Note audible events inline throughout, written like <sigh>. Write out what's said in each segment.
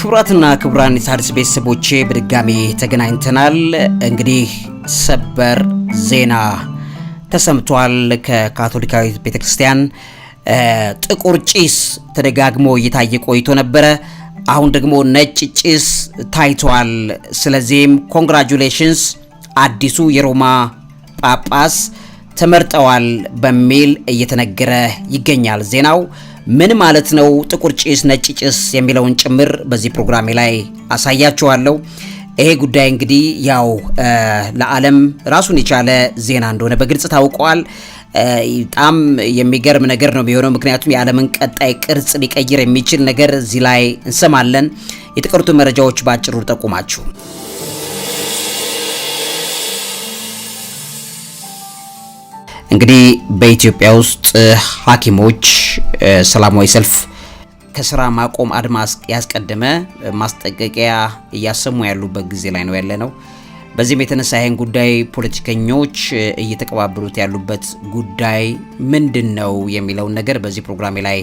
ክቡራትና ክቡራን የሣድስ ቤተሰቦቼ በድጋሚ ተገናኝተናል። እንግዲህ ሰበር ዜና ተሰምቷል። ከካቶሊካዊት ቤተ ክርስቲያን ጥቁር ጭስ ተደጋግሞ እየታየ ቆይቶ ነበረ። አሁን ደግሞ ነጭ ጭስ ታይቷል። ስለዚህም ኮንግራጁሌሽንስ አዲሱ የሮማ ጳጳስ ተመርጠዋል በሚል እየተነገረ ይገኛል ዜናው ምን ማለት ነው ጥቁር ጭስ፣ ነጭ ጭስ የሚለውን ጭምር በዚህ ፕሮግራሜ ላይ አሳያችኋለሁ። ይሄ ጉዳይ እንግዲህ ያው ለዓለም ራሱን የቻለ ዜና እንደሆነ በግልጽ ታውቋል። በጣም የሚገርም ነገር ነው የሚሆነው። ምክንያቱም የዓለምን ቀጣይ ቅርጽ ሊቀይር የሚችል ነገር እዚህ ላይ እንሰማለን። የጥቅርቱ መረጃዎች በአጭሩ ጠቁማችሁ እንግዲህ በኢትዮጵያ ውስጥ ሐኪሞች ሰላማዊ ሰልፍ ከስራ ማቆም አድማ ያስቀደመ ማስጠንቀቂያ እያሰሙ ያሉበት ጊዜ ላይ ነው ያለ ነው። በዚህም የተነሳ ይህን ጉዳይ ፖለቲከኞች እየተቀባበሉት ያሉበት ጉዳይ ምንድን ነው የሚለውን ነገር በዚህ ፕሮግራሜ ላይ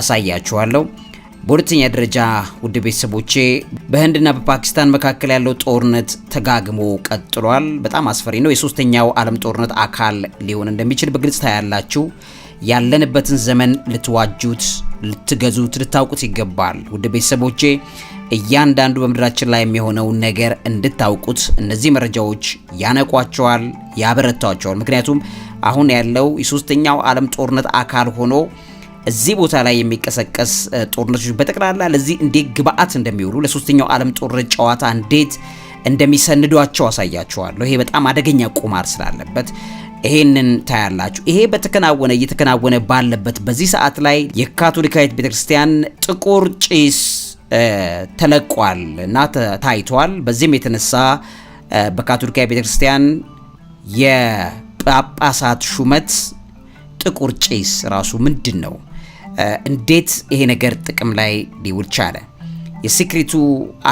አሳያችኋለሁ። በሁለተኛ ደረጃ ውድ ቤተሰቦቼ በህንድና በፓኪስታን መካከል ያለው ጦርነት ተጋግሞ ቀጥሏል። በጣም አስፈሪ ነው። የሶስተኛው ዓለም ጦርነት አካል ሊሆን እንደሚችል በግልጽ ታያላችሁ። ያለንበትን ዘመን ልትዋጁት፣ ልትገዙት፣ ልታውቁት ይገባል። ውድ ቤተሰቦቼ እያንዳንዱ በምድራችን ላይ የሚሆነው ነገር እንድታውቁት እነዚህ መረጃዎች ያነቋቸዋል፣ ያበረታቸዋል። ምክንያቱም አሁን ያለው የሶስተኛው ዓለም ጦርነት አካል ሆኖ እዚህ ቦታ ላይ የሚቀሰቀስ ጦርነቶች በጠቅላላ ለዚህ እንዴት ግብአት እንደሚውሉ ለሶስተኛው ዓለም ጦር ጨዋታ እንዴት እንደሚሰንዷቸው አሳያችኋለሁ። ይሄ በጣም አደገኛ ቁማር ስላለበት ይሄንን ታያላችሁ። ይሄ በተከናወነ እየተከናወነ ባለበት በዚህ ሰዓት ላይ የካቶሊካዊት ቤተክርስቲያን ጥቁር ጭስ ተለቋል እና ታይቷል። በዚህም የተነሳ በካቶሊካዊ ቤተክርስቲያን የጳጳሳት ሹመት ጥቁር ጭስ ራሱ ምንድን ነው? እንዴት ይሄ ነገር ጥቅም ላይ ሊውል ቻለ? የሲክሪቱ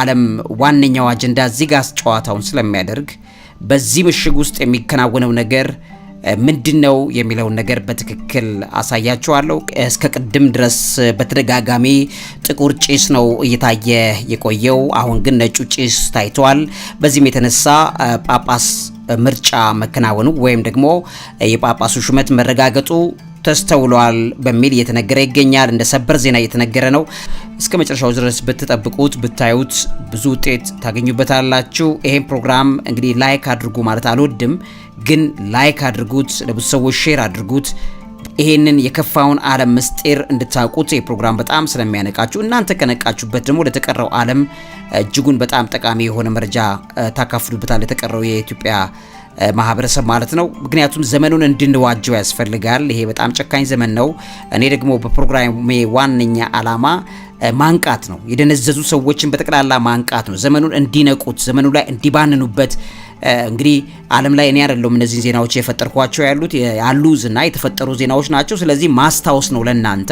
ዓለም ዋነኛው አጀንዳ እዚህ ጋር ጨዋታውን ስለሚያደርግ በዚህ ምሽግ ውስጥ የሚከናወነው ነገር ምንድን ነው የሚለውን ነገር በትክክል አሳያችኋለሁ። እስከ ቅድም ድረስ በተደጋጋሚ ጥቁር ጭስ ነው እየታየ የቆየው። አሁን ግን ነጩ ጭስ ታይቷል። በዚህም የተነሳ ጳጳስ ምርጫ መከናወኑ ወይም ደግሞ የጳጳሱ ሹመት መረጋገጡ ተስተውሏል በሚል እየተነገረ ይገኛል። እንደ ሰበር ዜና እየተነገረ ነው። እስከ መጨረሻው ድረስ ብትጠብቁት ብታዩት ብዙ ውጤት ታገኙበታላችሁ። ይሄን ፕሮግራም እንግዲህ ላይክ አድርጉ ማለት አልወድም፣ ግን ላይክ አድርጉት፣ ለብዙ ሰዎች ሼር አድርጉት። ይሄንን የከፋውን ዓለም ምስጢር እንድታውቁት ይህ ፕሮግራም በጣም ስለሚያነቃችሁ እናንተ ከነቃችሁበት ደግሞ ለተቀረው ዓለም እጅጉን በጣም ጠቃሚ የሆነ መረጃ ታካፍሉበታል። ለተቀረው የኢትዮጵያ ማህበረሰብ ማለት ነው። ምክንያቱም ዘመኑን እንድንዋጀው ያስፈልጋል። ይሄ በጣም ጨካኝ ዘመን ነው። እኔ ደግሞ በፕሮግራሜ ዋነኛ ዓላማ ማንቃት ነው። የደነዘዙ ሰዎችን በጠቅላላ ማንቃት ነው። ዘመኑን እንዲነቁት፣ ዘመኑ ላይ እንዲባንኑበት እንግዲህ ዓለም ላይ እኔ አይደለሁም እነዚህን ዜናዎች የፈጠርኳቸው ያሉት ያሉ ዝና የተፈጠሩ ዜናዎች ናቸው። ስለዚህ ማስታወስ ነው ለእናንተ።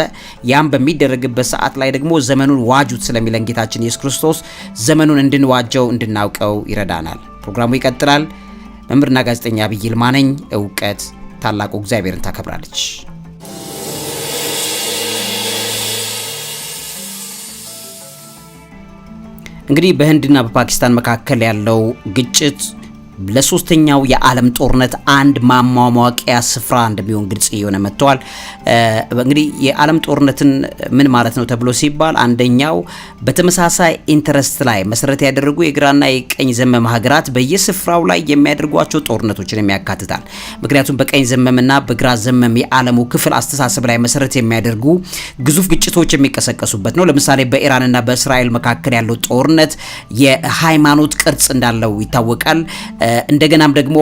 ያም በሚደረግበት ሰዓት ላይ ደግሞ ዘመኑን ዋጁት ስለሚለን ጌታችን ኢየሱስ ክርስቶስ ዘመኑን እንድንዋጀው እንድናውቀው ይረዳናል። ፕሮግራሙ ይቀጥላል። መምህርና ጋዜጠኛ ዐቢይ ይልማ ነኝ። እውቀት ታላቁ እግዚአብሔርን ታከብራለች። እንግዲህ በህንድና በፓኪስታን መካከል ያለው ግጭት ለሶስተኛው የዓለም ጦርነት አንድ ማሟሟቂያ ስፍራ እንደሚሆን ግልጽ እየሆነ መጥተዋል። እንግዲህ የዓለም ጦርነትን ምን ማለት ነው ተብሎ ሲባል አንደኛው በተመሳሳይ ኢንተረስት ላይ መሰረት ያደረጉ የግራና የቀኝ ዘመም ሀገራት በየስፍራው ላይ የሚያደርጓቸው ጦርነቶችን ያካትታል። ምክንያቱም በቀኝ ዘመምና በግራ ዘመም የዓለሙ ክፍል አስተሳሰብ ላይ መሰረት የሚያደርጉ ግዙፍ ግጭቶች የሚቀሰቀሱበት ነው። ለምሳሌ በኢራንና በእስራኤል መካከል ያለው ጦርነት የሃይማኖት ቅርጽ እንዳለው ይታወቃል። እንደገናም ደግሞ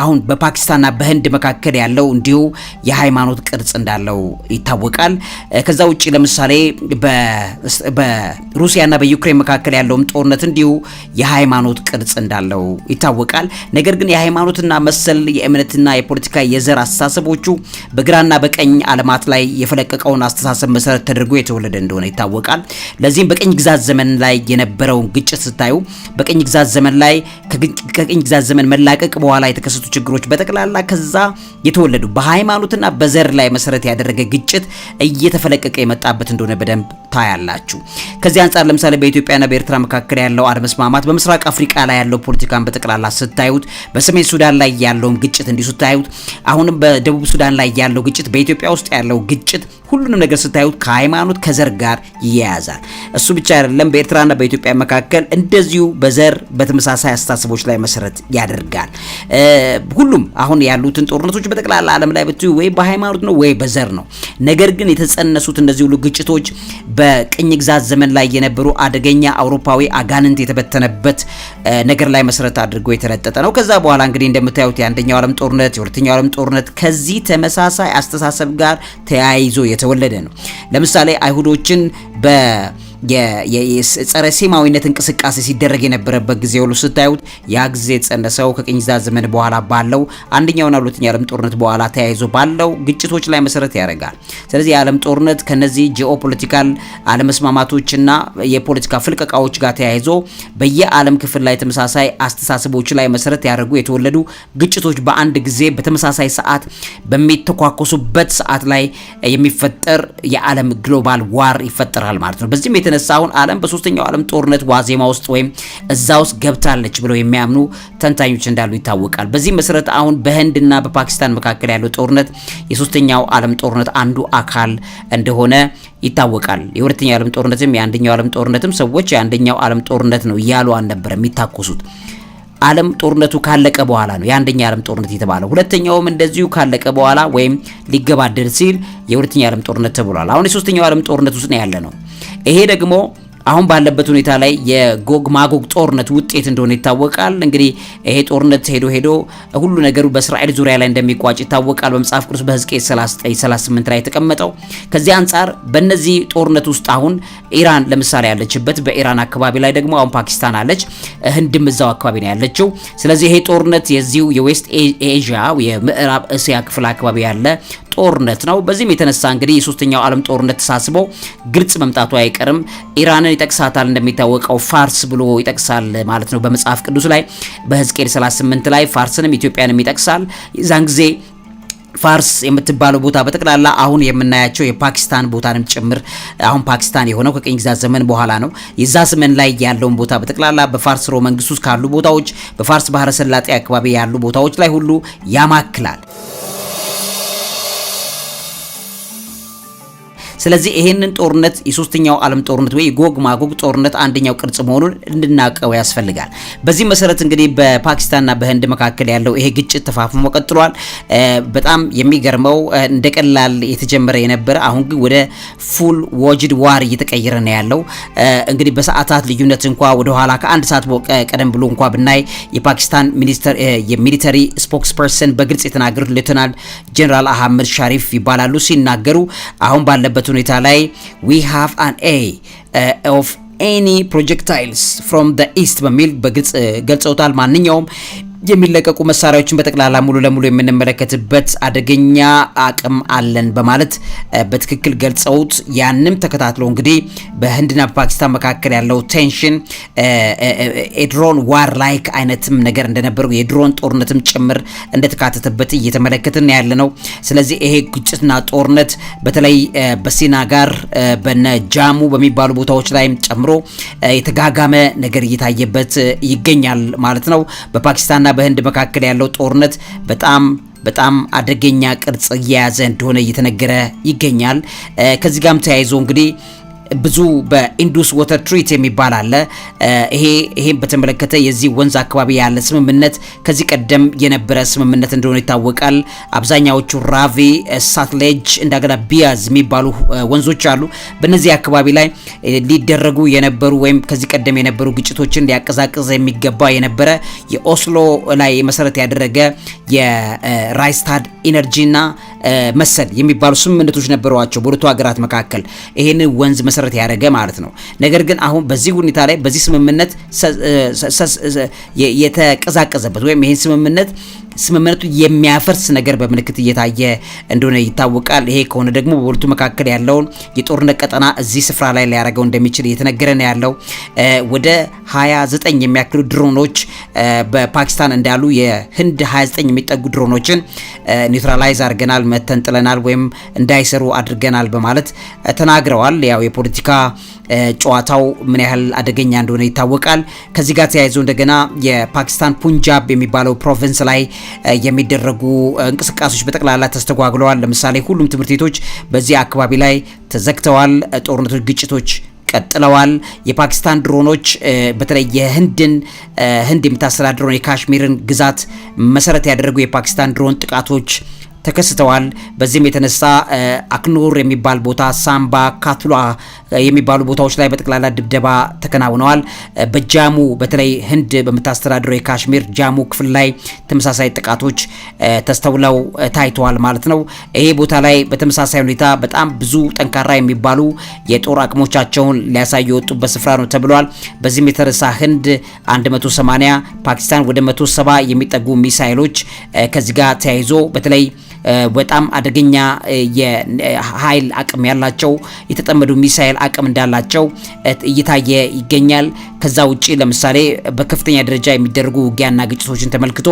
አሁን በፓኪስታንና በህንድ መካከል ያለው እንዲሁ የሃይማኖት ቅርጽ እንዳለው ይታወቃል። ከዛ ውጭ ለምሳሌ በሩሲያና በዩክሬን መካከል ያለውም ጦርነት እንዲሁ የሃይማኖት ቅርጽ እንዳለው ይታወቃል። ነገር ግን የሃይማኖትና መሰል የእምነትና የፖለቲካ የዘር አስተሳሰቦቹ በግራና በቀኝ ዓለማት ላይ የፈለቀቀውን አስተሳሰብ መሰረት ተደርጎ የተወለደ እንደሆነ ይታወቃል። ለዚህም በቀኝ ግዛት ዘመን ላይ የነበረውን ግጭት ስታዩ በቀኝ ግዛት ዘመን ላይ ከቀኝ ግዛት ዘመን መላቀቅ በኋላ በኋላ የተከሰቱ ችግሮች በጠቅላላ ከዛ የተወለዱ በሃይማኖትና በዘር ላይ መሰረት ያደረገ ግጭት እየተፈለቀቀ የመጣበት እንደሆነ በደንብ ታያላችሁ። ከዚህ አንጻር ለምሳሌ በኢትዮጵያና በኤርትራ መካከል ያለው አለመስማማት፣ በምስራቅ አፍሪካ ላይ ያለው ፖለቲካን በጠቅላላ ስታዩት፣ በሰሜን ሱዳን ላይ ያለውን ግጭት እንዲሁ ስታዩት፣ አሁንም በደቡብ ሱዳን ላይ ያለው ግጭት፣ በኢትዮጵያ ውስጥ ያለው ግጭት ሁሉንም ነገር ስታዩት ከሃይማኖት ከዘር ጋር ይያያዛል። እሱ ብቻ አይደለም። በኤርትራና በኢትዮጵያ መካከል እንደዚሁ በዘር በተመሳሳይ አስተሳሰቦች ላይ መሰረት ያደርጋል። ሁሉም አሁን ያሉትን ጦርነቶች በጠቅላላ ዓለም ላይ ብትዩ ወይ በሃይማኖት ነው ወይ በዘር ነው። ነገር ግን የተጸነሱት እንደዚህ ሁሉ ግጭቶች በቅኝ ግዛት ዘመን ላይ የነበሩ አደገኛ አውሮፓዊ አጋንንት የተበተነበት ነገር ላይ መሰረት አድርጎ የተለጠጠ ነው። ከዛ በኋላ እንግዲህ እንደምታዩት የአንደኛው ዓለም ጦርነት፣ የሁለተኛው ዓለም ጦርነት ከዚህ ተመሳሳይ አስተሳሰብ ጋር ተያይዞ የተወለደ ነው። ለምሳሌ አይሁዶችን በ ጸረ ሴማዊነት እንቅስቃሴ ሲደረግ የነበረበት ጊዜ ሁሉ ስታዩት ያ ጊዜ የተጸነሰው ከቅኝዛ ዘመን በኋላ ባለው አንደኛውና ሁለተኛ የዓለም ጦርነት በኋላ ተያይዞ ባለው ግጭቶች ላይ መሰረት ያደርጋል። ስለዚህ የዓለም ጦርነት ከነዚህ ጂኦፖለቲካል አለመስማማቶችና የፖለቲካ ፍልቀቃዎች ጋር ተያይዞ በየዓለም ክፍል ላይ ተመሳሳይ አስተሳሰቦች ላይ መሰረት ያደርጉ የተወለዱ ግጭቶች በአንድ ጊዜ በተመሳሳይ ሰዓት በሚተኳኮሱበት ሰዓት ላይ የሚፈጠር የዓለም ግሎባል ዋር ይፈጠራል ማለት ነው። በዚህም የተነሳ አሁን ዓለም በሶስተኛው ዓለም ጦርነት ዋዜማ ውስጥ ወይም እዛ ውስጥ ገብታለች ብለው የሚያምኑ ተንታኞች እንዳሉ ይታወቃል። በዚህ መሰረት አሁን በህንድና በፓኪስታን መካከል ያለው ጦርነት የሶስተኛው ዓለም ጦርነት አንዱ አካል እንደሆነ ይታወቃል። የሁለተኛው ዓለም ጦርነትም የአንደኛው ዓለም ጦርነትም ሰዎች የአንደኛው ዓለም ጦርነት ነው እያሉ አልነበረ የሚታኮሱት ዓለም ጦርነቱ ካለቀ በኋላ ነው የአንደኛ ዓለም ጦርነት የተባለው። ሁለተኛውም እንደዚሁ ካለቀ በኋላ ወይም ሊገባደድ ሲል የሁለተኛ ዓለም ጦርነት ተብሏል። አሁን የሶስተኛው ዓለም ጦርነት ውስጥ ነው ያለ ነው። ይሄ ደግሞ አሁን ባለበት ሁኔታ ላይ የጎግ ማጎግ ጦርነት ውጤት እንደሆነ ይታወቃል። እንግዲህ ይሄ ጦርነት ሄዶ ሄዶ ሁሉ ነገሩ በእስራኤል ዙሪያ ላይ እንደሚቋጭ ይታወቃል በመጽሐፍ ቅዱስ በሕዝቅኤል 39:38 ላይ የተቀመጠው። ከዚህ አንጻር በእነዚህ ጦርነት ውስጥ አሁን ኢራን ለምሳሌ ያለችበት፣ በኢራን አካባቢ ላይ ደግሞ አሁን ፓኪስታን አለች፣ ህንድም እዛው አካባቢ ነው ያለችው። ስለዚህ ይሄ ጦርነት የዚሁ የዌስት ኤዥያ የምዕራብ እስያ ክፍል አካባቢ ያለ ጦርነት ነው። በዚህም የተነሳ እንግዲህ የሶስተኛው ዓለም ጦርነት ተሳስቦ ግልጽ መምጣቱ አይቀርም። ኢራንን ይጠቅሳታል፣ እንደሚታወቀው ፋርስ ብሎ ይጠቅሳል ማለት ነው በመጽሐፍ ቅዱስ ላይ በህዝቅኤል 38 ላይ ፋርስንም ኢትዮጵያንም ይጠቅሳል። የዛን ጊዜ ፋርስ የምትባለው ቦታ በጠቅላላ አሁን የምናያቸው የፓኪስታን ቦታንም ጭምር አሁን ፓኪስታን የሆነው ከቅኝ ግዛት ዘመን በኋላ ነው። የዛ ዘመን ላይ ያለውን ቦታ በጠቅላላ በፋርስ ሮ መንግስት ውስጥ ካሉ ቦታዎች፣ በፋርስ ባህረ ሰላጤ አካባቢ ያሉ ቦታዎች ላይ ሁሉ ያማክላል። ስለዚህ ይሄንን ጦርነት የሶስተኛው ዓለም ጦርነት ወይ ጎግ ማጎግ ጦርነት አንደኛው ቅርጽ መሆኑን እንድናቀው ያስፈልጋል። በዚህ መሰረት እንግዲህ በፓኪስታንና በህንድ መካከል ያለው ይሄ ግጭት ተፋፍሞ ቀጥሏል። በጣም የሚገርመው እንደ ቀላል የተጀመረ የነበረ አሁን ግን ወደ ፉል ወጅድ ዋር እየተቀየረ ነው ያለው። እንግዲህ በሰዓታት ልዩነት እንኳ ወደ ኋላ ከአንድ ሰዓት ቀደም ብሎ እንኳ ብናይ የፓኪስታን የሚሊተሪ ስፖክስ ፐርሰን በግልጽ የተናገሩት ሌተናል ጀኔራል አህመድ ሻሪፍ ይባላሉ። ሲናገሩ አሁን ባለበት ሁኔታ ላይ ዊ ሃቭ አን ኤ ኦፍ ኤኒ ፕሮጀክታይልስ ፍሮም ዘ ኢስት በሚል በግልጽ uh, ገልጸውታል። ማንኛውም የሚለቀቁ መሳሪያዎችን በጠቅላላ ሙሉ ለሙሉ የምንመለከትበት አደገኛ አቅም አለን በማለት በትክክል ገልጸውት ያንም ተከታትሎ እንግዲህ በህንድና በፓኪስታን መካከል ያለው ቴንሽን የድሮን ዋር ላይክ አይነትም ነገር እንደነበረው የድሮን ጦርነትም ጭምር እንደተካተተበት እየተመለከትን ያለ ነው። ስለዚህ ይሄ ግጭትና ጦርነት በተለይ በሲና ጋር በነ ጃሙ በሚባሉ ቦታዎች ላይም ጨምሮ የተጋጋመ ነገር እየታየበት ይገኛል ማለት ነው በፓኪስታንና በህንድ መካከል ያለው ጦርነት በጣም በጣም አደገኛ ቅርጽ እየያዘ እንደሆነ እየተነገረ ይገኛል። ከዚህ ጋርም ተያይዞ እንግዲህ ብዙ በኢንዱስ ወተር ትሪት የሚባል አለ። ይሄ ይሄን በተመለከተ የዚህ ወንዝ አካባቢ ያለ ስምምነት ከዚህ ቀደም የነበረ ስምምነት እንደሆነ ይታወቃል። አብዛኛዎቹ ራቪ፣ ሳትሌጅ እንደገና ቢያዝ የሚባሉ ወንዞች አሉ። በእነዚህ አካባቢ ላይ ሊደረጉ የነበሩ ወይም ከዚህ ቀደም የነበሩ ግጭቶችን ሊያቀዛቅዝ የሚገባ የነበረ የኦስሎ ላይ መሰረት ያደረገ የራይስታድ ኢነርጂና መሰል የሚባሉ ስምምነቶች ነበሯቸው በሁለቱ ሀገራት መካከል ይህን ወንዝ መሰረት ያደረገ ማለት ነው። ነገር ግን አሁን በዚህ ሁኔታ ላይ በዚህ ስምምነት የተቀዛቀዘበት ወይም ይህን ስምምነት ስምምነቱ የሚያፈርስ ነገር በምልክት እየታየ እንደሆነ ይታወቃል። ይሄ ከሆነ ደግሞ በሁለቱ መካከል ያለውን የጦርነት ቀጠና እዚህ ስፍራ ላይ ሊያደርገው እንደሚችል እየተነገረ ነው ያለው። ወደ 29 የሚያክሉ ድሮኖች በፓኪስታን እንዳሉ የህንድ 29 የሚጠጉ ድሮኖችን ኒውትራላይዝ አድርገናል፣ መተን ጥለናል፣ ወይም እንዳይሰሩ አድርገናል በማለት ተናግረዋል። ያው የፖለቲካ ጨዋታው ምን ያህል አደገኛ እንደሆነ ይታወቃል። ከዚህ ጋር ተያይዞ እንደገና የፓኪስታን ፑንጃብ የሚባለው ፕሮቪንስ ላይ የሚደረጉ እንቅስቃሴዎች በጠቅላላ ተስተጓግለዋል። ለምሳሌ ሁሉም ትምህርት ቤቶች በዚህ አካባቢ ላይ ተዘግተዋል። ጦርነቶች፣ ግጭቶች ቀጥለዋል። የፓኪስታን ድሮኖች በተለይ የህንድን ህንድ የምታስተዳድረውን የካሽሚርን ግዛት መሰረት ያደረጉ የፓኪስታን ድሮን ጥቃቶች ተከስተዋል። በዚህም የተነሳ አክኑር የሚባል ቦታ፣ ሳምባ ካትሏ የሚባሉ ቦታዎች ላይ በጠቅላላ ድብደባ ተከናውነዋል። በጃሙ በተለይ ህንድ በምታስተዳድረው የካሽሚር ጃሙ ክፍል ላይ ተመሳሳይ ጥቃቶች ተስተውለው ታይተዋል ማለት ነው። ይሄ ቦታ ላይ በተመሳሳይ ሁኔታ በጣም ብዙ ጠንካራ የሚባሉ የጦር አቅሞቻቸውን ሊያሳዩ የወጡበት ስፍራ ነው ተብሏል። በዚህም የተነሳ ህንድ 180 ፓኪስታን ወደ 170 የሚጠጉ ሚሳይሎች ከዚህ ጋር ተያይዞ በተለይ በጣም አደገኛ የኃይል አቅም ያላቸው የተጠመዱ ሚሳኤል አቅም እንዳላቸው እየታየ ይገኛል። ከዛ ውጪ ለምሳሌ በከፍተኛ ደረጃ የሚደረጉ ውጊያና ግጭቶችን ተመልክቶ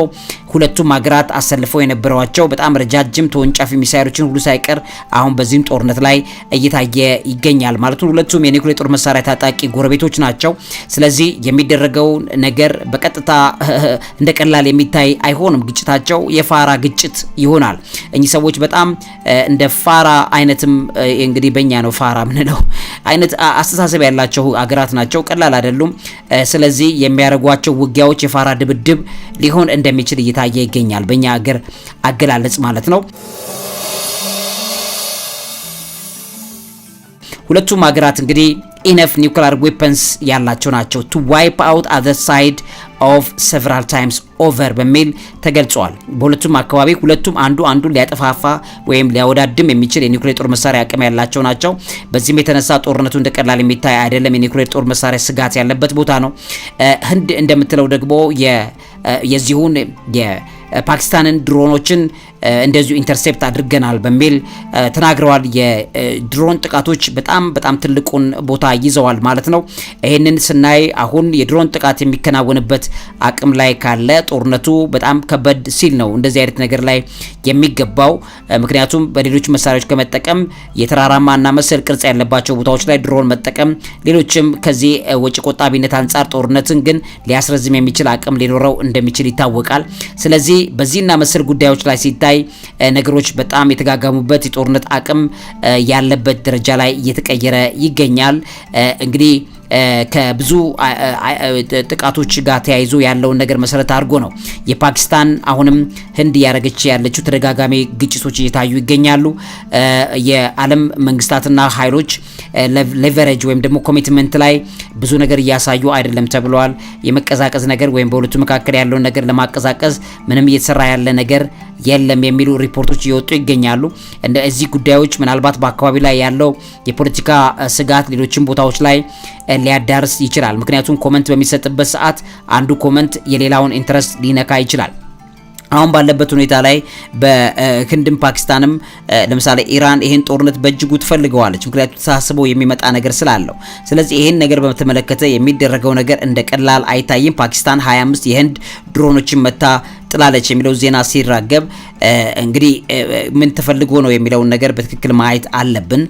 ሁለቱም ሀገራት አሰልፈው የነበሯቸው በጣም ረጃጅም ተወንጫፊ ሚሳይሎችን ሁሉ ሳይቀር አሁን በዚህም ጦርነት ላይ እየታየ ይገኛል ማለት ነው። ሁለቱም የኒውክሌር ጦር መሳሪያ ታጣቂ ጎረቤቶች ናቸው። ስለዚህ የሚደረገው ነገር በቀጥታ <laughs> እንደ ቀላል የሚታይ አይሆንም። ግጭታቸው የፋራ ግጭት ይሆናል። እኚህ ሰዎች በጣም እንደ ፋራ አይነትም እንግዲህ በእኛ ነው ፋራ ምንለው <laughs> አይነት አስተሳሰብ ያላቸው አገራት ናቸው። ቀላል አይደሉም። ስለዚህ የሚያደርጓቸው ውጊያዎች የፋራ ድብድብ ሊሆን እንደሚችል እይታ እየታየ ይገኛል፣ በእኛ ሀገር አገላለጽ ማለት ነው። ሁለቱም ሀገራት እንግዲህ ኢነፍ ኒውክሊር ዌፐንስ ያላቸው ናቸው ቱ ዋይፕ አውት አዘር ሳይድ ኦፍ ሰቨራል ታይምስ ኦቨር በሚል ተገልጿል። በሁለቱም አካባቢ ሁለቱም አንዱ አንዱ ሊያጠፋፋ ወይም ሊያወዳድም የሚችል የኒውክሌር ጦር መሳሪያ አቅም ያላቸው ናቸው። በዚህም የተነሳ ጦርነቱ እንደ ቀላል የሚታይ አይደለም። የኒውክሌር ጦር መሳሪያ ስጋት ያለበት ቦታ ነው። ህንድ እንደምትለው ደግሞ የዚሁን የፓኪስታንን ድሮኖችን እንደዚሁ ኢንተርሴፕት አድርገናል በሚል ተናግረዋል። የድሮን ጥቃቶች በጣም በጣም ትልቁን ቦታ ይዘዋል ማለት ነው። ይህንን ስናይ አሁን የድሮን ጥቃት የሚከናወንበት አቅም ላይ ካለ ጦርነቱ በጣም ከበድ ሲል ነው እንደዚህ አይነት ነገር ላይ የሚገባው። ምክንያቱም በሌሎች መሳሪያዎች ከመጠቀም የተራራማ እና መሰል ቅርጽ ያለባቸው ቦታዎች ላይ ድሮን መጠቀም ሌሎችም ከዚህ ወጪ ቆጣቢነት አንጻር ጦርነትን ግን ሊያስረዝም የሚችል አቅም ሊኖረው እንደሚችል ይታወቃል። ስለዚህ በዚህና መሰል ጉዳዮች ላይ ሲታይ ላይ ነገሮች በጣም የተጋጋሙበት የጦርነት አቅም ያለበት ደረጃ ላይ እየተቀየረ ይገኛል። እንግዲህ ከብዙ ጥቃቶች ጋር ተያይዞ ያለውን ነገር መሰረት አድርጎ ነው የፓኪስታን አሁንም ህንድ እያደረገች ያለችው ተደጋጋሚ ግጭቶች እየታዩ ይገኛሉ። የዓለም መንግስታትና ኃይሎች ሌቨሬጅ ወይም ደግሞ ኮሚትመንት ላይ ብዙ ነገር እያሳዩ አይደለም ተብለዋል። የመቀዛቀዝ ነገር ወይም በሁለቱ መካከል ያለውን ነገር ለማቀዛቀዝ ምንም እየተሰራ ያለ ነገር የለም የሚሉ ሪፖርቶች እየወጡ ይገኛሉ። እነዚህ ጉዳዮች ምናልባት በአካባቢ ላይ ያለው የፖለቲካ ስጋት ሌሎችም ቦታዎች ላይ ሊያዳርስ ይችላል። ምክንያቱም ኮመንት በሚሰጥበት ሰዓት አንዱ ኮመንት የሌላውን ኢንትረስት ሊነካ ይችላል። አሁን ባለበት ሁኔታ ላይ በህንድም ፓኪስታንም ለምሳሌ ኢራን ይሄን ጦርነት በእጅጉ ትፈልገዋለች። ምክንያቱም ተሳስቦ የሚመጣ ነገር ስላለው። ስለዚህ ይሄን ነገር በተመለከተ የሚደረገው ነገር እንደ ቀላል አይታይም። ፓኪስታን 25 የህንድ ድሮኖችን መታ ጥላለች የሚለው ዜና ሲራገብ እንግዲህ ምን ተፈልጎ ነው የሚለውን ነገር በትክክል ማየት አለብን።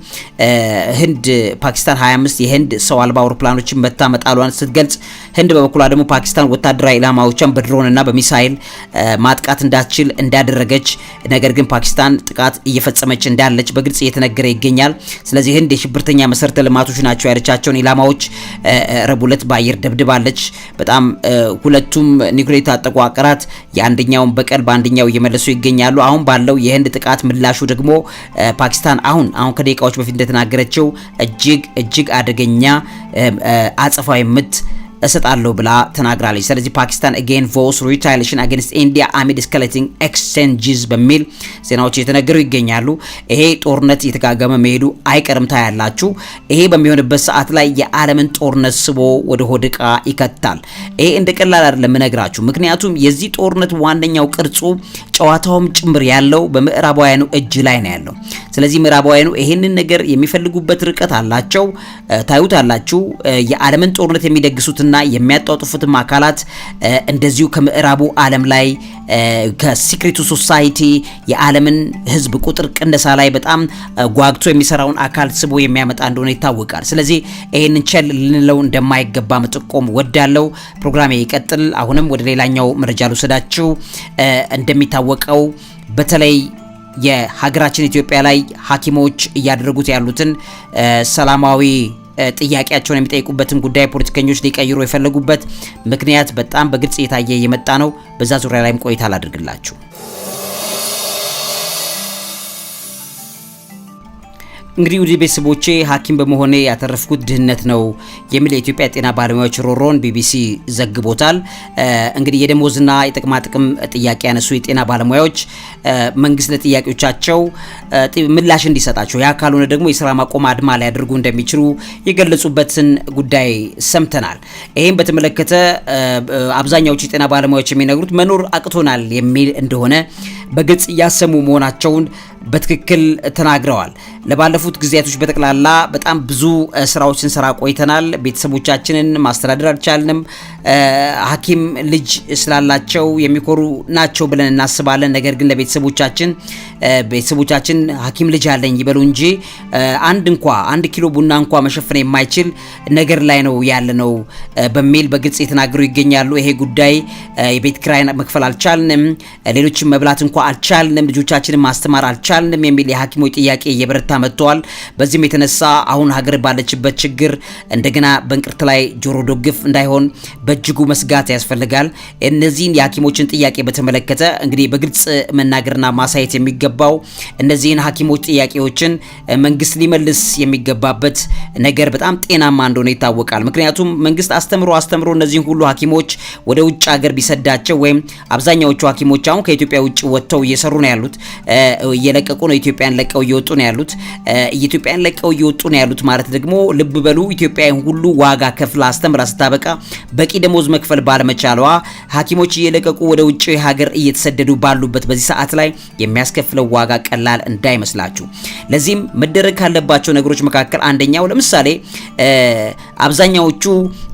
ህንድ ፓኪስታን 25 የህንድ ሰው አልባ አውሮፕላኖችን መታ መጣሏን ስትገልጽ፣ ህንድ በበኩሏ ደግሞ ፓኪስታን ወታደራዊ ኢላማዎቿን በድሮንና በሚሳይል ማጥቃት እንዳትችል እንዳደረገች፣ ነገር ግን ፓኪስታን ጥቃት እየፈጸመች እንዳለች በግልጽ እየተነገረ ይገኛል። ስለዚህ ህንድ የሽብርተኛ መሰረተ ልማቶች ናቸው ያለቻቸውን ኢላማዎች ረቡዕ ዕለት በአየር ደብድባለች። በጣም ሁለቱም ኒውክሌር የታጠቁ አገራት ያን አንደኛውን በቀል በአንደኛው እየመለሱ ይገኛሉ። አሁን ባለው የህንድ ጥቃት ምላሹ ደግሞ ፓኪስታን አሁን አሁን ከደቂቃዎች በፊት እንደተናገረችው እጅግ እጅግ አደገኛ አጸፋዊ ምት እሰጣለሁ ብላ ተናግራለች። ስለዚህ ፓኪስታን አጌን ቮስ ሪታይሌሽን አጌንስት ኢንዲያ አሚድ ስኬሌቲንግ ኤክስቼንጅስ በሚል ዜናዎች እየተነገሩ ይገኛሉ። ይሄ ጦርነት እየተጋገመ መሄዱ አይቀርም ታያላችሁ። ይሄ በሚሆንበት ሰዓት ላይ የዓለምን ጦርነት ስቦ ወደ ሆድ እቃ ይከታል። ይሄ እንደ ቀላል አይደለም እነግራችሁ። ምክንያቱም የዚህ ጦርነት ዋነኛው ቅርጹ ጨዋታውም ጭምር ያለው በምዕራባውያኑ እጅ ላይ ነው ያለው። ስለዚህ ምዕራባውያኑ ይሄንን ነገር የሚፈልጉበት ርቀት አላቸው። ታዩት ታዩታላችሁ። የዓለምን ጦርነት የሚደግሱትና የሚያወጡትና የሚያጧጡፉትም አካላት እንደዚሁ ከምዕራቡ ዓለም ላይ ከሲክሪቱ ሶሳይቲ የዓለምን ሕዝብ ቁጥር ቅነሳ ላይ በጣም ጓግቶ የሚሰራውን አካል ስቦ የሚያመጣ እንደሆነ ይታወቃል። ስለዚህ ይህንን ቸል ልንለው እንደማይገባ መጠቆም ወዳለው ፕሮግራሜ ይቀጥል። አሁንም ወደ ሌላኛው መረጃ ልውሰዳችሁ። እንደሚታወቀው በተለይ የሀገራችን ኢትዮጵያ ላይ ሐኪሞች እያደረጉት ያሉትን ሰላማዊ ጥያቄያቸውን የሚጠይቁበትን ጉዳይ ፖለቲከኞች ሊቀይሩ የፈለጉበት ምክንያት በጣም በግልጽ እየታየ የመጣ ነው። በዛ ዙሪያ ላይም ቆይታ አላድርግላችሁ። እንግዲህ ውድ ቤተሰቦቼ ሐኪም በመሆኔ ያተረፍኩት ድህነት ነው የሚል የኢትዮጵያ ጤና ባለሙያዎች ሮሮን ቢቢሲ ዘግቦታል። እንግዲህ የደሞዝና የጥቅማጥቅም ጥያቄ ያነሱ የጤና ባለሙያዎች መንግስት ለጥያቄዎቻቸው ምላሽ እንዲሰጣቸው፣ ያ ካልሆነ ደግሞ የስራ ማቆም አድማ ሊያደርጉ እንደሚችሉ የገለጹበትን ጉዳይ ሰምተናል። ይህም በተመለከተ አብዛኛዎቹ የጤና ባለሙያዎች የሚነግሩት መኖር አቅቶናል የሚል እንደሆነ በግልጽ እያሰሙ መሆናቸውን በትክክል ተናግረዋል። ለባለፉት ጊዜያቶች በጠቅላላ በጣም ብዙ ስራዎችን ስራ ቆይተናል። ቤተሰቦቻችንን ማስተዳደር አልቻልንም። ሐኪም ልጅ ስላላቸው የሚኮሩ ናቸው ብለን እናስባለን። ነገር ግን ለቤተሰቦቻችን ቤተሰቦቻችን ሐኪም ልጅ አለኝ ይበሉ እንጂ አንድ እንኳ አንድ ኪሎ ቡና እንኳ መሸፈን የማይችል ነገር ላይ ነው ያለ ነው በሚል በግልጽ የተናገሩ ይገኛሉ። ይሄ ጉዳይ የቤት ክራይ መክፈል አልቻልንም፣ ሌሎችን መብላት እንኳ አልቻልንም፣ ልጆቻችንን ማስተማር አልቻል አልቻልንም የሚል የሐኪሞች ጥያቄ እየበረታ መጥተዋል። በዚህም የተነሳ አሁን ሀገር ባለችበት ችግር እንደገና በእንቅርት ላይ ጆሮ ደግፍ እንዳይሆን በእጅጉ መስጋት ያስፈልጋል። እነዚህን የሐኪሞችን ጥያቄ በተመለከተ እንግዲህ በግልጽ መናገርና ማሳየት የሚገባው እነዚህን ሐኪሞች ጥያቄዎችን መንግስት ሊመልስ የሚገባበት ነገር በጣም ጤናማ እንደሆነ ይታወቃል። ምክንያቱም መንግስት አስተምሮ አስተምሮ እነዚህን ሁሉ ሐኪሞች ወደ ውጭ ሀገር ቢሰዳቸው ወይም አብዛኛዎቹ ሐኪሞች አሁን ከኢትዮጵያ ውጭ ወጥተው እየሰሩ ነው ያሉት እየተጠነቀቁ ነው። ኢትዮጵያን ለቀው እየወጡ ነው ያሉት። ኢትዮጵያን ለቀው እየወጡ ነው ያሉት ማለት ደግሞ ልብ በሉ ኢትዮጵያን ሁሉ ዋጋ ከፍላ አስተምራ ስታበቃ በቂ ደሞዝ መክፈል ባለመቻሏ ሐኪሞች እየለቀቁ ወደ ውጭ ሀገር እየተሰደዱ ባሉበት በዚህ ሰዓት ላይ የሚያስከፍለው ዋጋ ቀላል እንዳይመስላችሁ። ለዚህም መደረግ ካለባቸው ነገሮች መካከል አንደኛው ለምሳሌ አብዛኛዎቹ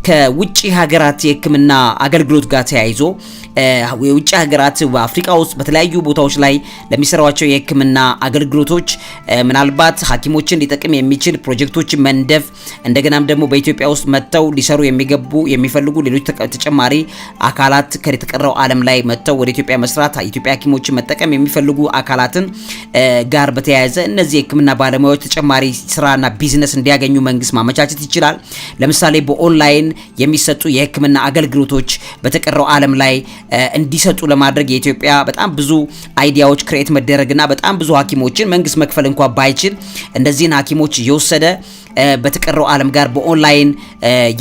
ከውጭ ሀገራት የሕክምና አገልግሎት ጋር ተያይዞ የውጭ ሀገራት በአፍሪካ ውስጥ በተለያዩ ቦታዎች ላይ ለሚሰሯቸው የሕክምና አገልግሎቶች ምናልባት ሐኪሞችን ሊጠቅም የሚችል ፕሮጀክቶች መንደፍ እንደገናም ደግሞ በኢትዮጵያ ውስጥ መጥተው ሊሰሩ የሚገቡ የሚፈልጉ ሌሎች ተጨማሪ አካላት ከተቀረው ዓለም ላይ መጥተው ወደ ኢትዮጵያ መስራት ኢትዮጵያ ሐኪሞችን መጠቀም የሚፈልጉ አካላትን ጋር በተያያዘ እነዚህ የህክምና ባለሙያዎች ተጨማሪ ስራና ቢዝነስ እንዲያገኙ መንግስት ማመቻቸት ይችላል። ለምሳሌ በኦንላይን የሚሰጡ የህክምና አገልግሎቶች በተቀረው ዓለም ላይ እንዲሰጡ ለማድረግ የኢትዮጵያ በጣም ብዙ አይዲያዎች ክሬት መደረግና በጣም ብዙ ሐኪሞችን መንግስት መክፈል እንኳ ባይችል እንደዚህን ሐኪሞች እየወሰደ በተቀረው ዓለም ጋር በኦንላይን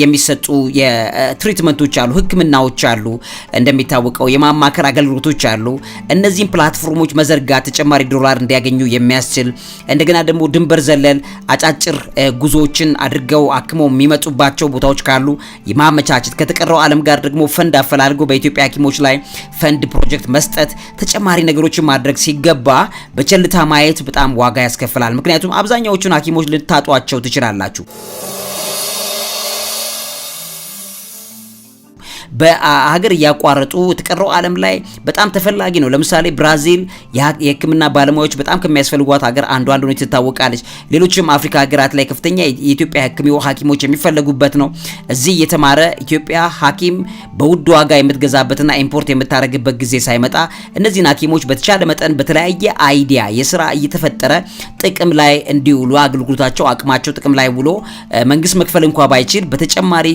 የሚሰጡ የትሪትመንቶች አሉ፣ ህክምናዎች አሉ፣ እንደሚታወቀው የማማከር አገልግሎቶች አሉ። እነዚህን ፕላትፎርሞች መዘርጋት ተጨማሪ ዶላር እንዲያገኙ የሚያስችል እንደገና ደግሞ ድንበር ዘለል አጫጭር ጉዞዎችን አድርገው አክመው የሚመጡባቸው ቦታዎች ካሉ የማመቻቸት ከተቀረው ዓለም ጋር ደግሞ ፈንድ አፈላልጎ በኢትዮጵያ ሐኪሞች ላይ ፈንድ ፕሮጀክት መስጠት ተጨማሪ ነገሮችን ማድረግ ሲገባ በቸልታ ማየት በጣም ዋጋ ያስከፍላል። ምክንያቱም አብዛኛዎቹን ሐኪሞች ልታጧቸው ትችላል ትችላላችሁ። በሀገር እያቋረጡ የተቀረው ዓለም ላይ በጣም ተፈላጊ ነው። ለምሳሌ ብራዚል የሕክምና ባለሙያዎች በጣም ከሚያስፈልጓት ሀገር አንዷ ነው ትታወቃለች። ሌሎችም አፍሪካ ሀገራት ላይ ከፍተኛ የኢትዮጵያ ሕክምና ሐኪሞች የሚፈለጉበት ነው። እዚህ የተማረ ኢትዮጵያ ሐኪም በውድ ዋጋ የምትገዛበትና ኢምፖርት የምታደርግበት ጊዜ ሳይመጣ እነዚህን ሐኪሞች በተቻለ መጠን በተለያየ አይዲያ የስራ እየተፈጠረ ጥቅም ላይ እንዲውሉ አገልግሎታቸው አቅማቸው ጥቅም ላይ ውሎ መንግስት መክፈል እንኳ ባይችል በተጨማሪ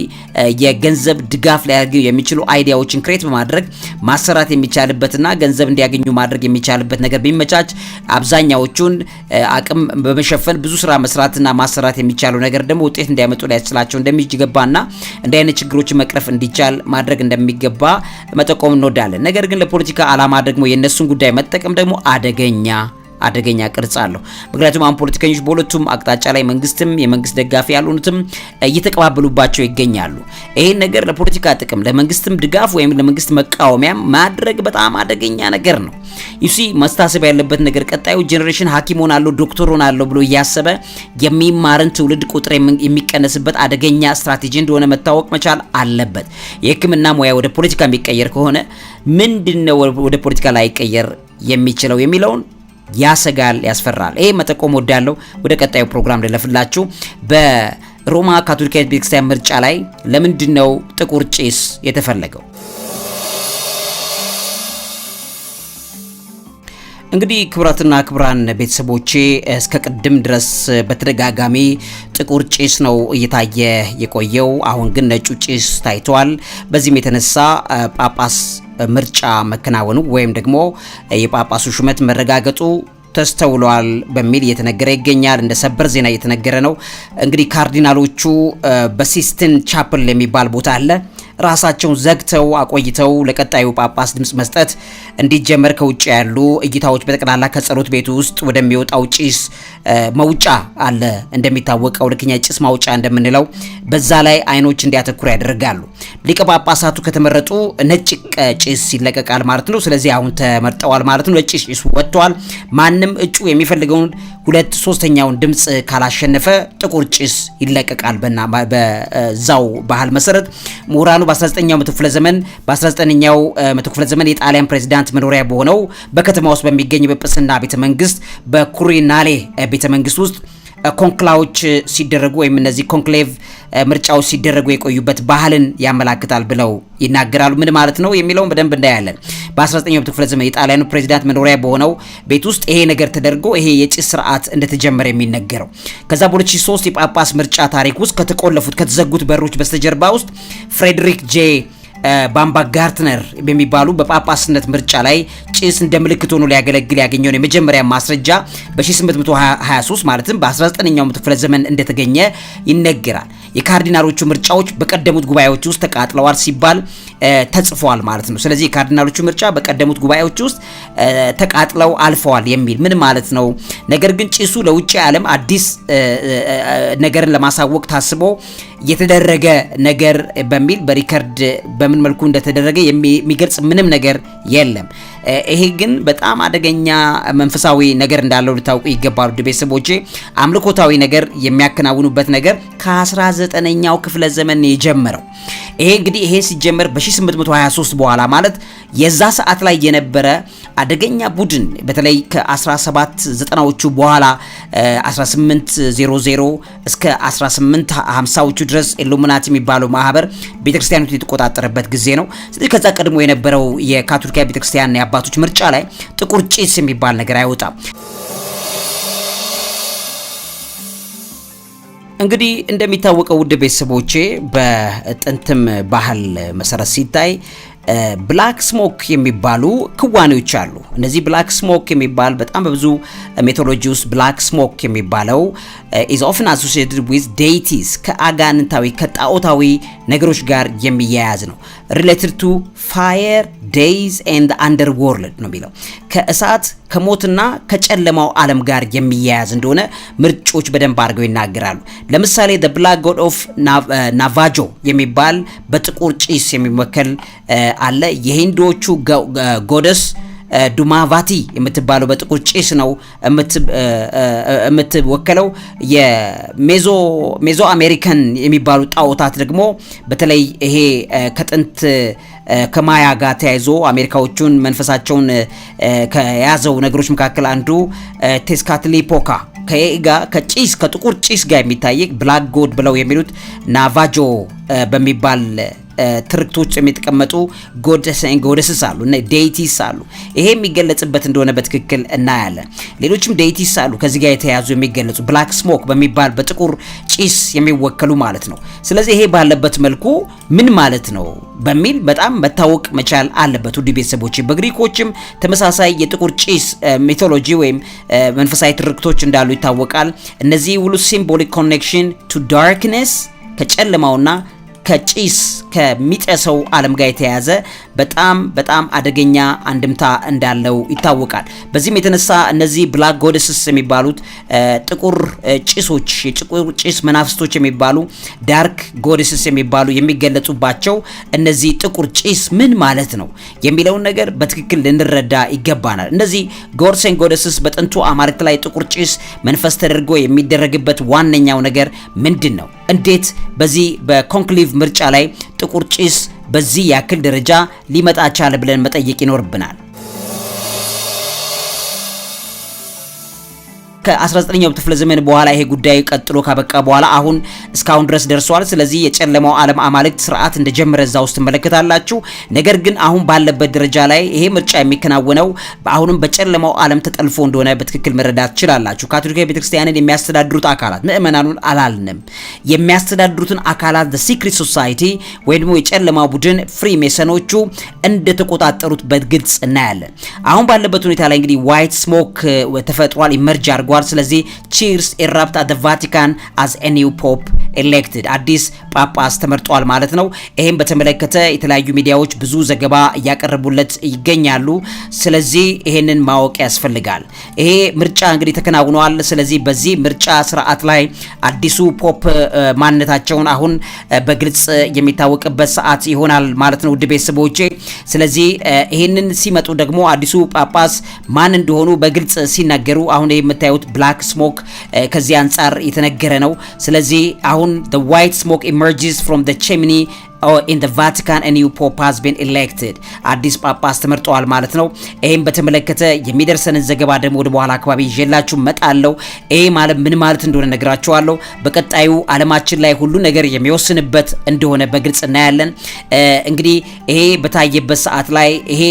የገንዘብ ድጋፍ ላይ የሚችሉ አይዲያዎችን ክሬት በማድረግ ማሰራት የሚቻልበትና ገንዘብ እንዲያገኙ ማድረግ የሚቻልበት ነገር ቢመቻች አብዛኛዎቹን አቅም በመሸፈን ብዙ ስራ መስራትና ማሰራት የሚቻለው ነገር ደግሞ ውጤት እንዲያመጡ ሊያስችላቸው እንደሚገባና እንዲህ አይነት ችግሮችን መቅረፍ እንዲቻል ማድረግ እንደሚገባ መጠቆም እንወዳለን። ነገር ግን ለፖለቲካ ዓላማ ደግሞ የእነሱን ጉዳይ መጠቀም ደግሞ አደገኛ አደገኛ ቅርጽ አለው። ምክንያቱም አሁን ፖለቲከኞች በሁለቱም አቅጣጫ ላይ መንግስትም፣ የመንግስት ደጋፊ ያልሆኑትም እየተቀባበሉባቸው ይገኛሉ። ይሄን ነገር ለፖለቲካ ጥቅም፣ ለመንግስትም ድጋፍ ወይም ለመንግስት መቃወሚያ ማድረግ በጣም አደገኛ ነገር ነው። ዩሲ መስታሰብ ያለበት ነገር ቀጣዩ ጄኔሬሽን ሐኪም ሆናለሁ ዶክተር ሆናለሁ ብሎ እያሰበ የሚማርን ትውልድ ቁጥር የሚቀነስበት አደገኛ ስትራቴጂ እንደሆነ መታወቅ መቻል አለበት። የህክምና ሙያ ወደ ፖለቲካ የሚቀየር ከሆነ ምንድነው ወደ ፖለቲካ ላይ ቀየር የሚችለው የሚለውን ያሰጋል፣ ያስፈራል። ይሄ መጠቆም ወዳለው ወደ ቀጣዩ ፕሮግራም ልለፍላችሁ በ ሮማ ካቶሊካዊት ቤተክርስቲያን ምርጫ ላይ ለምንድን ነው ጥቁር ጭስ የተፈለገው? እንግዲህ ክቡራትና ክቡራን ቤተሰቦቼ እስከ ቅድም ድረስ በተደጋጋሚ ጥቁር ጭስ ነው እየታየ የቆየው። አሁን ግን ነጩ ጭስ ታይቷል። በዚህም የተነሳ ጳጳስ ምርጫ መከናወኑ ወይም ደግሞ የጳጳሱ ሹመት መረጋገጡ ተስተውሏል በሚል እየተነገረ ይገኛል። እንደ ሰበር ዜና እየተነገረ ነው። እንግዲህ ካርዲናሎቹ በሲስትን ቻፕል የሚባል ቦታ አለ ራሳቸውን ዘግተው አቆይተው ለቀጣዩ ጳጳስ ድምፅ መስጠት እንዲጀመር ከውጭ ያሉ እይታዎች በጠቅላላ ከጸሎት ቤቱ ውስጥ ወደሚወጣው ጭስ መውጫ አለ እንደሚታወቀው ልክኛ ጭስ ማውጫ እንደምንለው በዛ ላይ አይኖች እንዲያተኩር ያደርጋሉ። ሊቀ ጳጳሳቱ ከተመረጡ ነጭ ጭስ ይለቀቃል ማለት ነው። ስለዚህ አሁን ተመርጠዋል ማለት ነው። ነጭ ጭሱ ወጥተዋል። ማንም እጩ የሚፈልገውን ሁለት ሶስተኛውን ድምፅ ካላሸነፈ ጥቁር ጭስ ይለቀቃል። በዛው ባህል መሰረት ምሁራኑ በ19ኛው መቶ ክፍለ ዘመን በ19ኛው መቶ ክፍለ ዘመን የጣሊያን ፕሬዚዳንት መኖሪያ በሆነው በከተማ ውስጥ በሚገኝ በጵጵስና ቤተመንግስት በኩሪናሌ ቤተመንግስት ውስጥ ኮንክላዎች ሲደረጉ ወይም እነዚህ ኮንክሌቭ ምርጫዎች ሲደረጉ የቆዩበት ባህልን ያመላክታል ብለው ይናገራሉ። ምን ማለት ነው የሚለውን በደንብ እናያለን። በ19ኛው ክፍለ ዘመን የጣሊያኑ ፕሬዚዳንት መኖሪያ በሆነው ቤት ውስጥ ይሄ ነገር ተደርጎ ይሄ የጭስ ስርዓት እንደተጀመረ የሚነገረው ከዛ በ2003 የጳጳስ ምርጫ ታሪክ ውስጥ ከተቆለፉት ከተዘጉት በሮች በስተጀርባ ውስጥ ፍሬድሪክ ጄ ባምባ ጋርትነር በሚባሉ በጳጳስነት ምርጫ ላይ ጭስ እንደ ምልክት ሆኖ ሊያገለግል ያገኘውን የመጀመሪያ ማስረጃ በ1823 ማለትም በ19ኛው ክፍለ ዘመን እንደተገኘ ይነገራል። የካርዲናሎቹ ምርጫዎች በቀደሙት ጉባኤዎች ውስጥ ተቃጥለዋል ሲባል ተጽፏል ማለት ነው። ስለዚህ የካርዲናሎቹ ምርጫ በቀደሙት ጉባኤዎች ውስጥ ተቃጥለው አልፈዋል የሚል ምን ማለት ነው? ነገር ግን ጭሱ ለውጭ ዓለም አዲስ ነገርን ለማሳወቅ ታስቦ የተደረገ ነገር በሚል በሪከርድ በምን መልኩ እንደተደረገ የሚገልጽ ምንም ነገር የለም። ይሄ ግን በጣም አደገኛ መንፈሳዊ ነገር እንዳለው ልታውቁ ይገባሉ። ቤተሰቦቼ አምልኮታዊ ነገር የሚያከናውኑበት ነገር ከ19ኛው ክፍለ ዘመን የጀመረው ይሄ እንግዲህ ይሄ ሲጀመር በ1823 በኋላ ማለት የዛ ሰዓት ላይ የነበረ አደገኛ ቡድን በተለይ ከ1790ዎቹ በኋላ 1800 እስከ 1850ዎቹ ድረስ ኢሉሚናት የሚባለው ማህበር ቤተክርስቲያኑ የተቆጣጠረበት ጊዜ ነው። ስለዚህ ከዛ ቀድሞ የነበረው የካቶሊካ ቤተክርስቲያን አባቶች ምርጫ ላይ ጥቁር ጭስ የሚባል ነገር አይወጣም። እንግዲህ እንደሚታወቀው ውድ ቤተሰቦቼ በጥንትም ባህል መሰረት ሲታይ ብላክ ስሞክ የሚባሉ ክዋኔዎች አሉ። እነዚህ ብላክ ስሞክ የሚባል በጣም በብዙ ሜቶሎጂ ውስጥ ብላክ ስሞክ የሚባለው ኢዝ ኦፍን አሶሲየትድ ዊዝ ዴይቲስ ከአጋንንታዊ ከጣዖታዊ ነገሮች ጋር የሚያያዝ ነው። ሪሌትድ ቱ ፋየር ዴይዝ ኤንድ አንደር ወርልድ ነው የሚለው ከእሳት ከሞትና ከጨለማው ዓለም ጋር የሚያያዝ እንደሆነ ምርጮች በደንብ አድርገው ይናገራሉ። ለምሳሌ ደ ብላክ ጎድ ኦፍ ናቫጆ የሚባል በጥቁር ጭስ የሚመከል uh, አለ። የሂንዶቹ ጎደስ uh, ዱማቫቲ የምትባለው በጥቁር ጭስ ነው የምትወከለው። የሜዞ አሜሪካን የሚባሉ ጣዖታት ደግሞ በተለይ ይሄ ከጥንት ከማያ ጋር ተያይዞ አሜሪካዎቹን መንፈሳቸውን ከያዘው ነገሮች መካከል አንዱ ቴስካትሊፖካ ከኤጋ ከጭስ ከጥቁር ጭስ ጋር የሚታይ ብላክ ጎድ ብለው የሚሉት ናቫጆ በሚባል ትርክት ውጭ የሚቀመጡ ጎደስስ አሉ እና ዴይቲስ አሉ። ይሄ የሚገለጽበት እንደሆነ በትክክል እናያለን። ሌሎችም ዴይቲስ አሉ ከዚህ ጋር የተያዙ የሚገለጹ ብላክ ስሞክ በሚባል በጥቁር ጭስ የሚወከሉ ማለት ነው። ስለዚህ ይሄ ባለበት መልኩ ምን ማለት ነው በሚል በጣም መታወቅ መቻል አለበት። ውድ ቤተሰቦች፣ በግሪኮችም ተመሳሳይ የጥቁር ጭስ ሚቶሎጂ ወይም መንፈሳዊ ትርክቶች እንዳሉ ይታወቃል። እነዚህ ሁሉ ሲምቦሊክ ኮኔክሽን ቱ ዳርክነስ ከጨለማውና ከጭስ ከሚጨሰው ዓለም ጋር የተያያዘ በጣም በጣም አደገኛ አንድምታ እንዳለው ይታወቃል። በዚህም የተነሳ እነዚህ ብላክ ጎደስስ የሚባሉት ጥቁር ጭሶች፣ የጥቁር ጭስ መናፍስቶች የሚባሉ ዳርክ ጎደስስ የሚባሉ የሚገለጹባቸው እነዚህ ጥቁር ጭስ ምን ማለት ነው የሚለውን ነገር በትክክል ልንረዳ ይገባናል። እነዚህ ጎርሴን ጎደስስ በጥንቱ አማልክት ላይ ጥቁር ጭስ መንፈስ ተደርጎ የሚደረግበት ዋነኛው ነገር ምንድን ነው? እንዴት በዚህ በኮንክሊቭ ምርጫ ላይ ጥቁር ጭስ በዚህ ያክል ደረጃ ሊመጣ ቻለ ብለን መጠየቅ ይኖርብናል። ከ19ኛው ክፍለ ዘመን በኋላ ይሄ ጉዳይ ቀጥሎ ካበቃ በኋላ አሁን እስካሁን ድረስ ደርሷል። ስለዚህ የጨለማው ዓለም አማልክት ስርዓት እንደጀመረ እዛ ውስጥ ትመለከታላችሁ። ነገር ግን አሁን ባለበት ደረጃ ላይ ይሄ ምርጫ የሚከናወነው አሁንም በጨለማው ዓለም ተጠልፎ እንደሆነ በትክክል መረዳት ትችላላችሁ። ካቶሊካዊ ቤተክርስቲያንን የሚያስተዳድሩት አካላት ምእመናኑን አላልንም፣ የሚያስተዳድሩትን አካላት ዘ ሲክሪት ሶሳይቲ ወይም ደግሞ የጨለማ ቡድን ፍሪ ሜሰኖቹ እንደተቆጣጠሩት በግልጽ እናያለን። አሁን ባለበት ሁኔታ ላይ እንግዲህ ዋይት ስሞክ ተፈጥሯል፣ ኢመርጅ አድርጓል። አድርጓል። ስለዚህ ቺርስ ኤራፕት አደ ቫቲካን አዝ ኒው ፖፕ ኤሌክትድ አዲስ ጳጳስ ተመርጧል ማለት ነው። ይህም በተመለከተ የተለያዩ ሚዲያዎች ብዙ ዘገባ እያቀረቡለት ይገኛሉ። ስለዚህ ይሄንን ማወቅ ያስፈልጋል። ይሄ ምርጫ እንግዲህ ተከናውኗል። ስለዚህ በዚህ ምርጫ ስርዓት ላይ አዲሱ ፖፕ ማንነታቸውን አሁን በግልጽ የሚታወቅበት ሰዓት ይሆናል ማለት ነው። ውድ ቤተሰቦቼ ስለዚህ ይህንን ሲመጡ ደግሞ አዲሱ ጳጳስ ማን እንደሆኑ በግልጽ ሲናገሩ አሁን የምታዩት የሚሉት ብላክ ስሞክ ከዚህ አንጻር የተነገረ ነው። ስለዚህ አሁን the white smoke emerges from the chimney ኢን ዘ ቫቲካን ኒው ፖፕ ሃዝ ቢን ኢሌክትድ አዲስ ጳጳስ ተመርጠዋል ማለት ነው። ይህም በተመለከተ የሚደርሰንን ዘገባ ደግሞ ወደ በኋላ አካባቢ ይዤላችሁ እመጣለሁ። ይህ ማለት ምን ማለት እንደሆነ ነግራችኋለሁ። በቀጣዩ አለማችን ላይ ሁሉ ነገር የሚወስንበት እንደሆነ በግልጽ እናያለን። eh, እንግዲህ ይሄ በታየበት ሰዓት ላይ ይሄ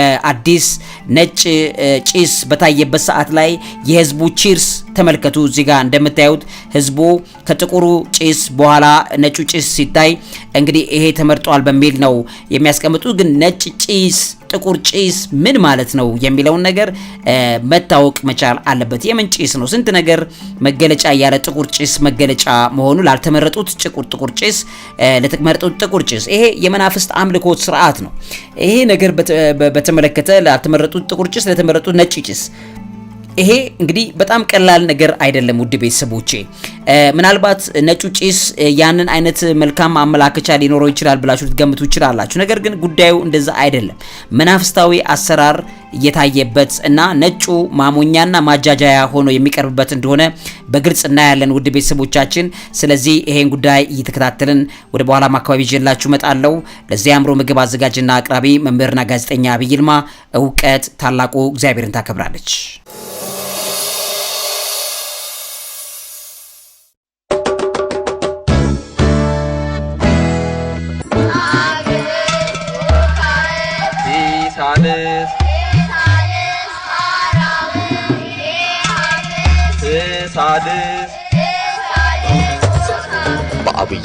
eh, አዲስ ነጭ ጭስ በታየበት ሰዓት ላይ የህዝቡ ቺርስ ተመልከቱ። እዚህ ጋር እንደምታዩት ህዝቡ ከጥቁሩ ጭስ በኋላ ነጩ ጭስ ሲታይ እንግዲህ ይሄ ተመርጧል በሚል ነው የሚያስቀምጡ ግን ነጭ ጭስ ጥቁር ጭስ ምን ማለት ነው የሚለውን ነገር መታወቅ መቻል አለበት። የምን ጭስ ነው? ስንት ነገር መገለጫ ያለ ጥቁር ጭስ መገለጫ መሆኑ ላልተመረጡት ጥቁር ጥቁር ጭስ ለተመረጡት ጥቁር ጭስ ይሄ የመናፍስት አምልኮት ስርዓት ነው። ይሄ ነገር በተመለከተ ላልተመረጡት ጥቁር ጭስ ለተመረጡት ነጭ ጭስ ይሄ እንግዲህ በጣም ቀላል ነገር አይደለም ውድ ቤተሰቦቼ። ምናልባት ነጩ ጭስ ያንን አይነት መልካም አመላከቻ ሊኖረው ይችላል ብላችሁ ልትገምቱ ይችላላችሁ። ነገር ግን ጉዳዩ እንደዛ አይደለም። መናፍስታዊ አሰራር እየታየበት እና ነጩ ማሞኛና ማጃጃያ ሆኖ የሚቀርብበት እንደሆነ በግልጽ እናያለን ውድ ቤተሰቦቻችን። ስለዚህ ይሄን ጉዳይ እየተከታተልን ወደ በኋላም አካባቢ ይዤላችሁ እመጣለሁ። ለዚህ አእምሮ ምግብ አዘጋጅና አቅራቢ መምህርና ጋዜጠኛ አብይ ይልማ። እውቀት ታላቁ እግዚአብሔርን ታከብራለች።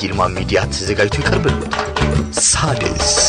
ይልማ ሚዲያ ተዘጋጅቶ ይቀርብልዎታል። ሳድስ